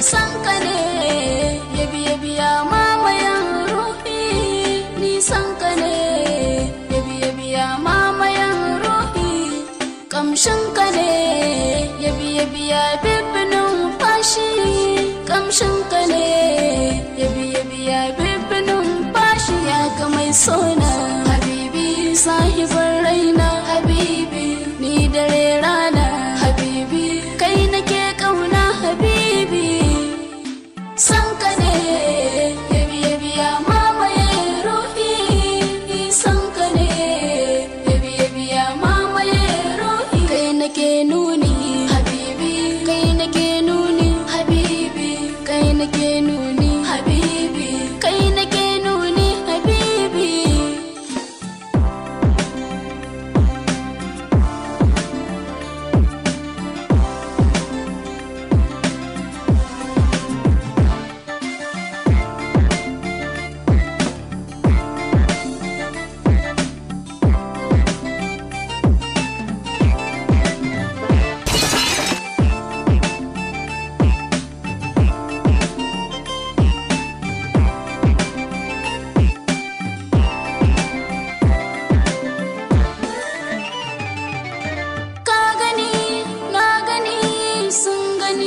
san ka ne yabi yabi mamayan ruhi ni san ka ne yabi yabi ya mamayan ruhi kamshin ka ne yabiya yabi bibinin fashi kamshin ka ne yabiya yabi bibinin fashi ya ga mai son nous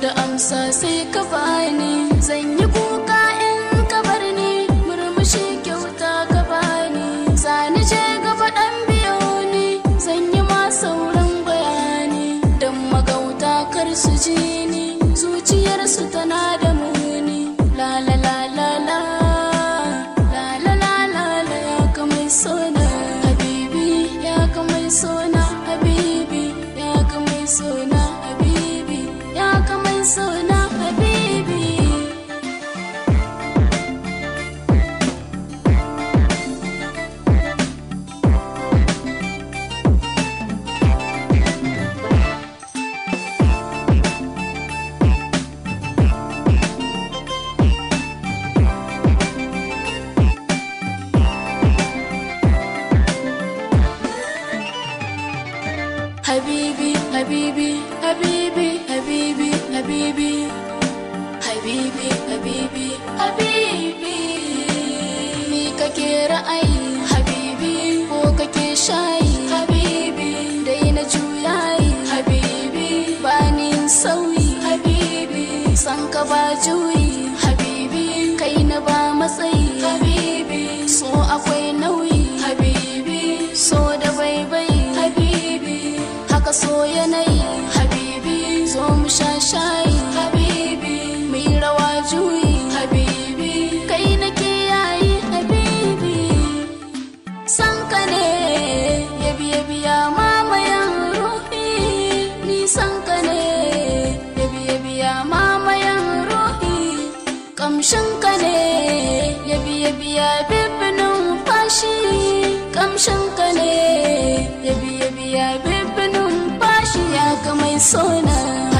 da amsa sai ka bani zan yi kuka in ka bar ni murmushi kyauta ka bani zani je gaba dan biyo ni zan yi ma sauran bayani dan magauta kar su ji ni su tana da Habibi, Habibi, Habibi, Habibi, Habibi, Habibi, Habibi, Habibi. kake ra'ayi, Habibi, ko kake shayi, Habibi, dai na juyayi, Habibi, bani sauyi, Habibi, san ka ba juyi, Habibi, kai na ba matsayi, Habibi, so akwai. so yanayi habibi zo mu sha shayi habibi mu yi rawa juyi habibi kai nake yayi habibi san ka ne yabi yabi ya mamayan ruhi ni san ka ne yabi yabi ya mamayan ruhi kamshin ka ne yabi yabi ya fashi kamshin ka ne yabi yabi ya ka mai sona